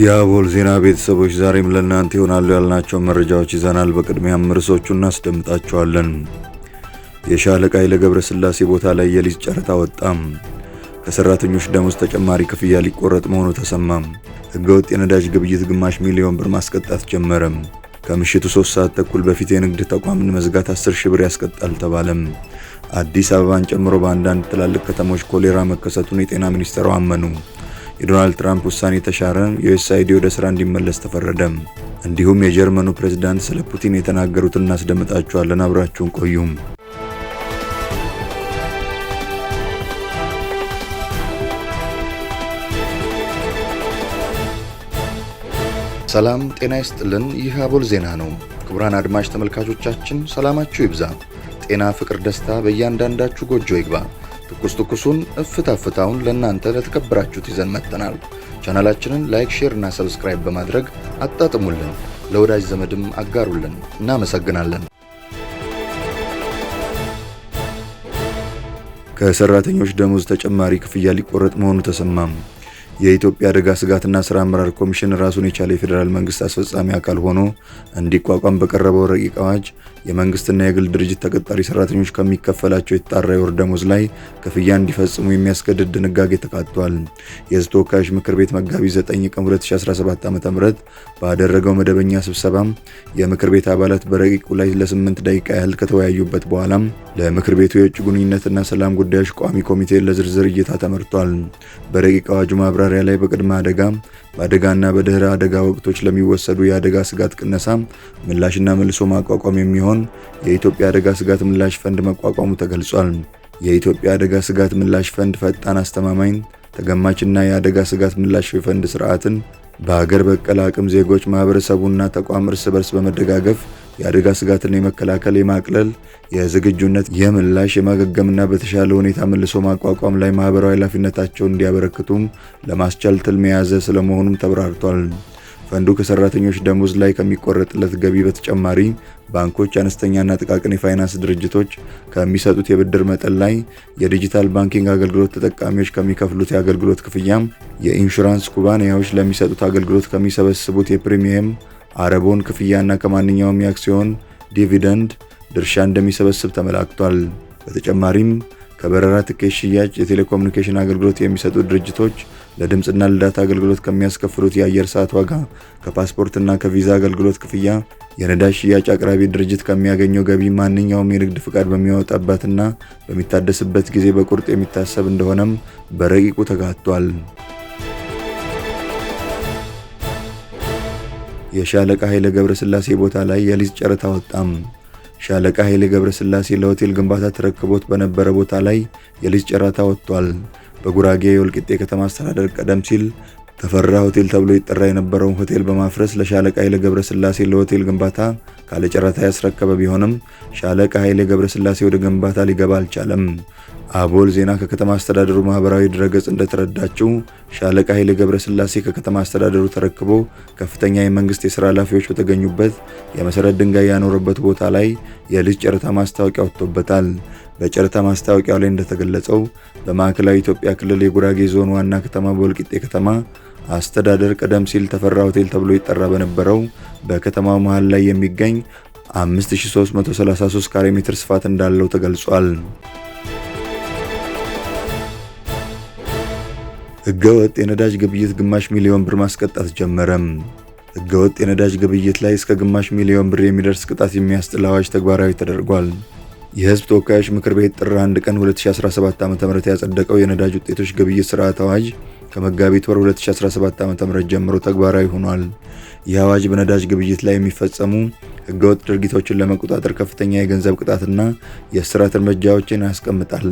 የአቦል ዜና ቤተሰቦች ዛሬም ለእናንተ ይሆናሉ ያልናቸው መረጃዎች ይዘናል። በቅድሚያም ርዕሶቹ እናስደምጣቸዋለን። የሻለቃ ኃይለ ገብረስላሴ ቦታ ላይ የሊዝ ጨረታ ወጣም። ከሰራተኞች ደሞዝ ተጨማሪ ክፍያ ሊቆረጥ መሆኑ ተሰማም። ህገወጥ የነዳጅ ግብይት ግማሽ ሚሊዮን ብር ማስቀጣት ጀመረም። ከምሽቱ ሶስት ሰዓት ተኩል በፊት የንግድ ተቋምን መዝጋት 10 ሺህ ብር ያስቀጣል ተባለም። አዲስ አበባን ጨምሮ በአንዳንድ ትላልቅ ከተሞች ኮሌራ መከሰቱን የጤና ሚኒስትሯ አመኑ። የዶናልድ ትራምፕ ውሳኔ ተሻረ፣ ዩኤስአይዲ ወደ ስራ እንዲመለስ ተፈረደ። እንዲሁም የጀርመኑ ፕሬዝዳንት ስለ ፑቲን የተናገሩት እናስደምጣችኋለን። አብራችሁን ቆዩም። ሰላም ጤና ይስጥልን። ይህ አቦል ዜና ነው። ክቡራን አድማጭ ተመልካቾቻችን ሰላማችሁ ይብዛ፣ ጤና፣ ፍቅር፣ ደስታ በእያንዳንዳችሁ ጎጆ ይግባ። ትኩስ ትኩሱን እፍታ ፍታውን ለእናንተ ለተከበራችሁት ይዘን መጥተናል። ቻናላችንን ላይክ፣ ሼር እና ሰብስክራይብ በማድረግ አጣጥሙልን፣ ለወዳጅ ዘመድም አጋሩልን። እናመሰግናለን። ከሰራተኞች ደሞዝ ተጨማሪ ክፍያ ሊቆረጥ መሆኑ ተሰማም። የኢትዮጵያ አደጋ ስጋትና ስራ አመራር ኮሚሽን ራሱን የቻለ የፌዴራል መንግስት አስፈጻሚ አካል ሆኖ እንዲቋቋም በቀረበው ረቂቅ አዋጅ የመንግስትና የግል ድርጅት ተቀጣሪ ሰራተኞች ከሚከፈላቸው የተጣራ የወር ደሞዝ ላይ ክፍያ እንዲፈጽሙ የሚያስገድድ ድንጋጌ ተካቷል። የህዝብ ተወካዮች ምክር ቤት መጋቢት 9 ቀን 2017 ዓ ም ባደረገው መደበኛ ስብሰባ የምክር ቤት አባላት በረቂቁ ላይ ለ ለ8 ደቂቃ ያህል ከተወያዩበት በኋላም ለምክር ቤቱ የውጭ ግንኙነትና ሰላም ጉዳዮች ቋሚ ኮሚቴ ለዝርዝር እይታ ተመርቷል። በረቂቅ አዋጁ ማብራሪያ ላይ በቅድመ አደጋ በአደጋና በድህረ አደጋ ወቅቶች ለሚወሰዱ የአደጋ ስጋት ቅነሳ ምላሽና መልሶ ማቋቋም የሚሆን የኢትዮጵያ አደጋ ስጋት ምላሽ ፈንድ መቋቋሙ ተገልጿል። የኢትዮጵያ አደጋ ስጋት ምላሽ ፈንድ ፈጣን፣ አስተማማኝ፣ ተገማችና የአደጋ ስጋት ምላሽ የፈንድ ስርዓትን በሀገር በቀል አቅም ዜጎች ማህበረሰቡና ተቋም እርስ በርስ በመደጋገፍ የአደጋ ስጋትን የመከላከል፣ የማቅለል፣ የዝግጁነት፣ የምላሽ፣ የማገገምና በተሻለ ሁኔታ መልሶ ማቋቋም ላይ ማህበራዊ ኃላፊነታቸውን እንዲያበረክቱም ለማስቻል ትልም የያዘ ስለመሆኑም ተብራርቷል። ፈንዱ ከሰራተኞች ደሞዝ ላይ ከሚቆረጥለት ገቢ በተጨማሪ ባንኮች፣ አነስተኛና ጥቃቅን የፋይናንስ ድርጅቶች ከሚሰጡት የብድር መጠን ላይ፣ የዲጂታል ባንኪንግ አገልግሎት ተጠቃሚዎች ከሚከፍሉት የአገልግሎት ክፍያም፣ የኢንሹራንስ ኩባንያዎች ለሚሰጡት አገልግሎት ከሚሰበስቡት የፕሪሚየም አረቦን ክፍያና ከማንኛውም የአክሲዮን ዲቪደንድ ድርሻ እንደሚሰበስብ ተመላክቷል። በተጨማሪም ከበረራ ትኬት ሽያጭ የቴሌኮሙኒኬሽን አገልግሎት የሚሰጡ ድርጅቶች ለድምፅና ለዳታ አገልግሎት ከሚያስከፍሉት የአየር ሰዓት ዋጋ፣ ከፓስፖርትና ከቪዛ አገልግሎት ክፍያ የነዳጅ ሽያጭ አቅራቢ ድርጅት ከሚያገኘው ገቢ ማንኛውም የንግድ ፍቃድ በሚወጣበትና በሚታደስበት ጊዜ በቁርጥ የሚታሰብ እንደሆነም በረቂቁ ተካቷል። የሻለቃ ኃይለ ገብረስላሴ ቦታ ላይ የሊዝ ጨረታ ወጣም። ሻለቃ ኃይለ ገብረስላሴ ለሆቴል ግንባታ ተረክቦት በነበረ ቦታ ላይ የሊዝ ጨረታ ወጥቷል። በጉራጌ የወልቂጤ ከተማ አስተዳደር ቀደም ሲል ተፈራ ሆቴል ተብሎ ይጠራ የነበረውን ሆቴል በማፍረስ ለሻለቃ ኃይሌ ገብረስላሴ ለሆቴል ግንባታ ካለ ጨረታ ያስረከበ ቢሆንም ሻለቃ ኃይሌ ገብረስላሴ ወደ ግንባታ ሊገባ አልቻለም። አቦል ዜና ከከተማ አስተዳደሩ ማህበራዊ ድረገጽ እንደተረዳችው ሻለቃ ኃይሌ ገብረስላሴ ከከተማ አስተዳደሩ ተረክቦ ከፍተኛ የመንግስት የስራ ኃላፊዎች በተገኙበት የመሰረት ድንጋይ ያኖረበት ቦታ ላይ የልጅ ጨረታ ማስታወቂያ ወጥቶበታል። በጨረታ ማስታወቂያው ላይ እንደተገለጸው በማዕከላዊ ኢትዮጵያ ክልል የጉራጌ ዞን ዋና ከተማ በወልቂጤ ከተማ አስተዳደር ቀደም ሲል ተፈራ ሆቴል ተብሎ ይጠራ በነበረው በከተማው መሃል ላይ የሚገኝ 5333 ካሬ ሜትር ስፋት እንዳለው ተገልጿል። ህገወጥ የነዳጅ ግብይት ግማሽ ሚሊዮን ብር ማስቀጣት ጀመረም። ህገወጥ የነዳጅ ግብይት ላይ እስከ ግማሽ ሚሊዮን ብር የሚደርስ ቅጣት የሚያስጥል አዋጅ ተግባራዊ ተደርጓል። የህዝብ ተወካዮች ምክር ቤት ጥር 1 ቀን 2017 ዓ.ም ያጸደቀው የነዳጅ ውጤቶች ግብይት ስርዓት አዋጅ ከመጋቢት ወር 2017 ዓ.ም ጀምሮ ተግባራዊ ሆኗል። ይህ አዋጅ በነዳጅ ግብይት ላይ የሚፈጸሙ ህገወጥ ድርጊቶችን ለመቆጣጠር ከፍተኛ የገንዘብ ቅጣትና የእስራት እርምጃዎችን ያስቀምጣል።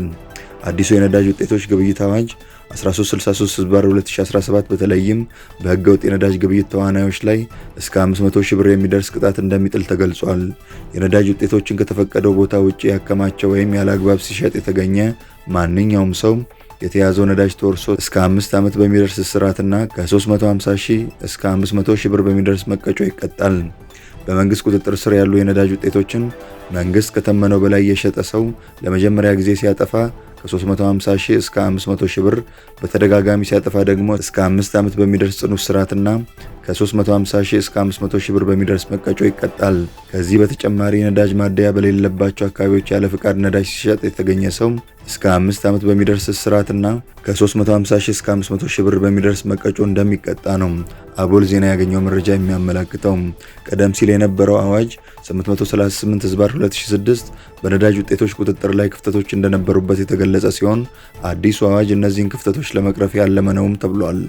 አዲሱ የነዳጅ ውጤቶች ግብይት አዋጅ 1363/2017 በተለይም በህገወጥ የነዳጅ ግብይት ተዋናዮች ላይ እስከ 500 ሺህ ብር የሚደርስ ቅጣት እንደሚጥል ተገልጿል። የነዳጅ ውጤቶችን ከተፈቀደው ቦታ ውጭ ያከማቸው ወይም ያለ አግባብ ሲሸጥ የተገኘ ማንኛውም ሰው የተያዘው ነዳጅ ተወርሶ እስከ 5 ዓመት በሚደርስ እስራትና ከ350 ሺህ እስከ 500 ሺህ ብር በሚደርስ መቀጮ ይቀጣል። በመንግስት ቁጥጥር ስር ያሉ የነዳጅ ውጤቶችን መንግስት ከተመነው በላይ የሸጠ ሰው ለመጀመሪያ ጊዜ ሲያጠፋ ከ350 ሺህ እስከ 500 ሺህ ብር በተደጋጋሚ ሲያጠፋ ደግሞ እስከ አምስት ዓመት በሚደርስ ጽኑ እስራትና ከ350 ሺህ እስከ 500 ሺህ ብር በሚደርስ መቀጮ ይቀጣል። ከዚህ በተጨማሪ ነዳጅ ማደያ በሌለባቸው አካባቢዎች ያለ ፍቃድ ነዳጅ ሲሸጥ የተገኘ ሰው እስከ 5 ዓመት በሚደርስ እስራትና ከ350 ሺህ እስከ 500 ሺህ ብር በሚደርስ መቀጮ እንደሚቀጣ ነው አቦል ዜና ያገኘው መረጃ የሚያመላክተው። ቀደም ሲል የነበረው አዋጅ 838 ህዝባር 2006 በነዳጅ ውጤቶች ቁጥጥር ላይ ክፍተቶች እንደነበሩበት የተገለጸ ሲሆን አዲሱ አዋጅ እነዚህን ክፍተቶች ለመቅረፍ ያለመ ነውም ተብሏል።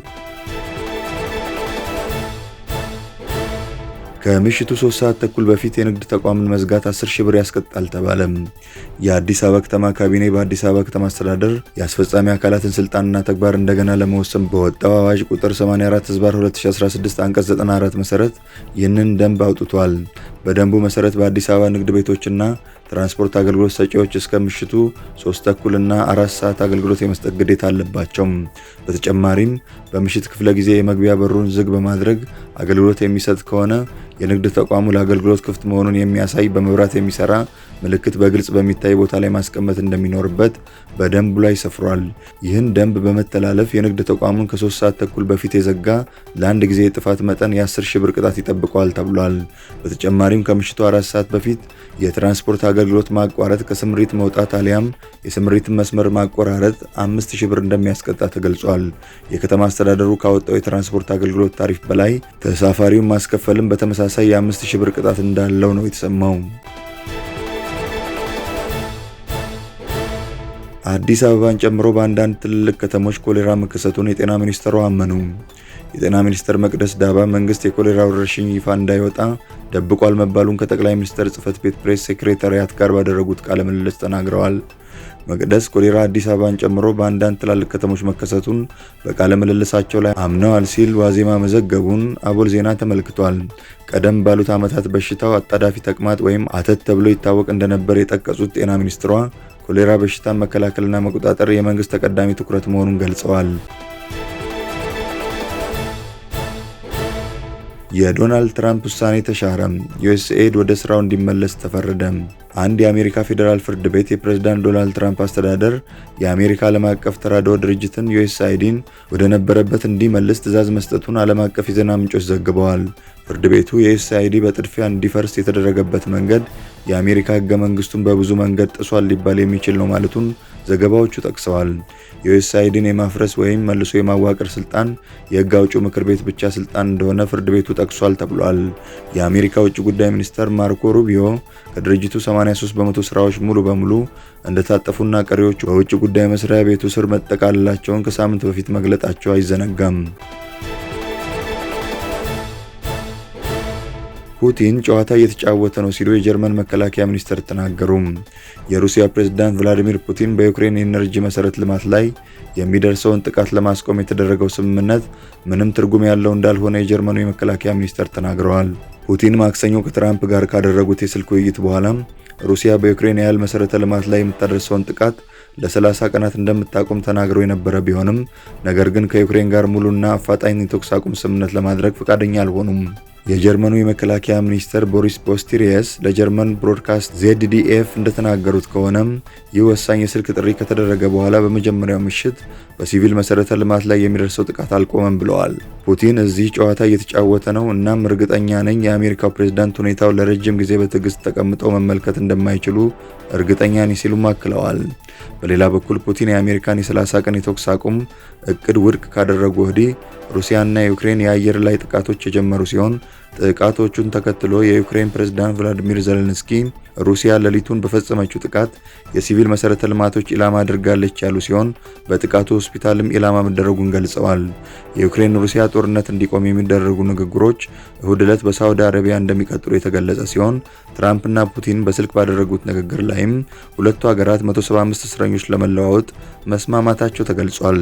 ከምሽቱ ሶስት ሰዓት ተኩል በፊት የንግድ ተቋምን መዝጋት 10 ሺህ ብር ያስቀጣል ተባለም። የአዲስ አበባ ከተማ ካቢኔ በአዲስ አበባ ከተማ አስተዳደር የአስፈጻሚ አካላትን ስልጣንና ተግባር እንደገና ለመወሰን በወጣው አዋጅ ቁጥር 84 ህዝባር 2016 አንቀጽ 94 መሰረት ይህንን ደንብ አውጥቷል። በደንቡ መሰረት በአዲስ አበባ ንግድ ቤቶችና ትራንስፖርት አገልግሎት ሰጪዎች እስከ ምሽቱ ሶስት ተኩል እና አራት ሰዓት አገልግሎት የመስጠት ግዴታ አለባቸው። በተጨማሪም በምሽት ክፍለ ጊዜ የመግቢያ በሩን ዝግ በማድረግ አገልግሎት የሚሰጥ ከሆነ የንግድ ተቋሙ ለአገልግሎት ክፍት መሆኑን የሚያሳይ በመብራት የሚሰራ ምልክት በግልጽ በሚታይ ቦታ ላይ ማስቀመጥ እንደሚኖርበት በደንቡ ላይ ሰፍሯል። ይህን ደንብ በመተላለፍ የንግድ ተቋሙን ከሶስት ሰዓት ተኩል በፊት የዘጋ ለአንድ ጊዜ የጥፋት መጠን የ10 ሺህ ብር ቅጣት ይጠብቀዋል ተብሏል። በተጨማሪም ከምሽቱ አራት ሰዓት በፊት የትራንስፖርት አገልግሎት ማቋረጥ፣ ከስምሪት መውጣት አሊያም የስምሪትን መስመር ማቆራረጥ 5000 ብር እንደሚያስቀጣ ተገልጿል። የከተማ አስተዳደሩ ካወጣው የትራንስፖርት አገልግሎት ታሪፍ በላይ ተሳፋሪውን ማስከፈልም በተመሳሳይ የሚያሳይ የአምስት ሺህ ብር ቅጣት እንዳለው ነው የተሰማው። አዲስ አበባን ጨምሮ በአንዳንድ ትልልቅ ከተሞች ኮሌራ መከሰቱን የጤና ሚኒስትሩ አመኑ። የጤና ሚኒስትር መቅደስ ዳባ መንግስት የኮሌራ ወረርሽኝ ይፋ እንዳይወጣ ደብቋል መባሉን ከጠቅላይ ሚኒስትር ጽህፈት ቤት ፕሬስ ሴክሬታሪያት ጋር ባደረጉት ቃለ ምልልስ ተናግረዋል። መቅደስ ኮሌራ አዲስ አበባን ጨምሮ በአንዳንድ ትላልቅ ከተሞች መከሰቱን በቃለ ምልልሳቸው ላይ አምነዋል ሲል ዋዜማ መዘገቡን አቦል ዜና ተመልክቷል። ቀደም ባሉት ዓመታት በሽታው አጣዳፊ ተቅማጥ ወይም አተት ተብሎ ይታወቅ እንደነበር የጠቀሱት ጤና ሚኒስትሯ ኮሌራ በሽታን መከላከልና መቆጣጠር የመንግስት ተቀዳሚ ትኩረት መሆኑን ገልጸዋል። የዶናልድ ትራምፕ ውሳኔ ተሻረም ዩኤስኤድ ወደ ስራው እንዲመለስ ተፈረደም። አንድ የአሜሪካ ፌዴራል ፍርድ ቤት የፕሬዝዳንት ዶናልድ ትራምፕ አስተዳደር የአሜሪካ ዓለም አቀፍ ተራድኦ ድርጅትን ዩኤስአይዲን ወደ ነበረበት እንዲመልስ ትዕዛዝ መስጠቱን ዓለም አቀፍ የዜና ምንጮች ዘግበዋል። ፍርድ ቤቱ የዩኤስአይዲ በጥድፊያ እንዲፈርስ የተደረገበት መንገድ የአሜሪካ ህገ መንግስቱን በብዙ መንገድ ጥሷል ሊባል የሚችል ነው ማለቱን ዘገባዎቹ ጠቅሰዋል። የዩኤስአይዲን የማፍረስ ወይም መልሶ የማዋቀር ስልጣን የህግ አውጪው ምክር ቤት ብቻ ስልጣን እንደሆነ ፍርድ ቤቱ ጠቅሷል ተብሏል። የአሜሪካ ውጭ ጉዳይ ሚኒስተር ማርኮ ሩቢዮ ከድርጅቱ 83 በመቶ ስራዎች ሙሉ በሙሉ እንደታጠፉና ቀሪዎቹ በውጭ ጉዳይ መስሪያ ቤቱ ስር መጠቃለላቸውን ከሳምንት በፊት መግለጣቸው አይዘነጋም። ፑቲን ጨዋታ እየተጫወተ ነው ሲሉ የጀርመን መከላከያ ሚኒስትር ተናገሩ። የሩሲያ ፕሬዝዳንት ቭላዲሚር ፑቲን በዩክሬን የኤነርጂ መሰረተ ልማት ላይ የሚደርሰውን ጥቃት ለማስቆም የተደረገው ስምምነት ምንም ትርጉም ያለው እንዳልሆነ የጀርመኑ የመከላከያ ሚኒስትር ተናግረዋል። ፑቲን ማክሰኞ ከትራምፕ ጋር ካደረጉት የስልክ ውይይት በኋላ ሩሲያ በዩክሬን የኃይል መሰረተ ልማት ላይ የምታደርሰውን ጥቃት ለ30 ቀናት እንደምታቆም ተናግረው የነበረ ቢሆንም ነገር ግን ከዩክሬን ጋር ሙሉና አፋጣኝ የተኩስ አቁም ስምምነት ለማድረግ ፈቃደኛ አልሆኑም። የጀርመኑ የመከላከያ ሚኒስትር ቦሪስ ፖስቲሪየስ ለጀርመን ብሮድካስት ዜድዲኤፍ እንደተናገሩት ከሆነም ይህ ወሳኝ የስልክ ጥሪ ከተደረገ በኋላ በመጀመሪያው ምሽት በሲቪል መሰረተ ልማት ላይ የሚደርሰው ጥቃት አልቆመም ብለዋል። ፑቲን እዚህ ጨዋታ እየተጫወተ ነው፣ እናም እርግጠኛ ነኝ የአሜሪካው ፕሬዝዳንት ሁኔታው ለረጅም ጊዜ በትዕግስት ተቀምጠው መመልከት እንደማይችሉ እርግጠኛ ነኝ ሲሉም አክለዋል። በሌላ በኩል ፑቲን የአሜሪካን የ30 ቀን የተኩስ አቁም እቅድ ውድቅ ካደረጉ ወዲህ ሩሲያና ዩክሬን የአየር ላይ ጥቃቶች የጀመሩ ሲሆን ጥቃቶቹን ተከትሎ የዩክሬን ፕሬዝዳንት ቭላዲሚር ዘለንስኪ ሩሲያ ሌሊቱን በፈጸመችው ጥቃት የሲቪል መሰረተ ልማቶች ኢላማ አድርጋለች ያሉ ሲሆን በጥቃቱ ሆስፒታልም ኢላማ መደረጉን ገልጸዋል። የዩክሬን ሩሲያ ጦርነት እንዲቆም የሚደረጉ ንግግሮች እሁድ ዕለት በሳውዲ አረቢያ እንደሚቀጥሉ የተገለጸ ሲሆን ትራምፕና ፑቲን በስልክ ባደረጉት ንግግር ላይም ሁለቱ ሀገራት 175 እስረኞች ለመለዋወጥ መስማማታቸው ተገልጿል።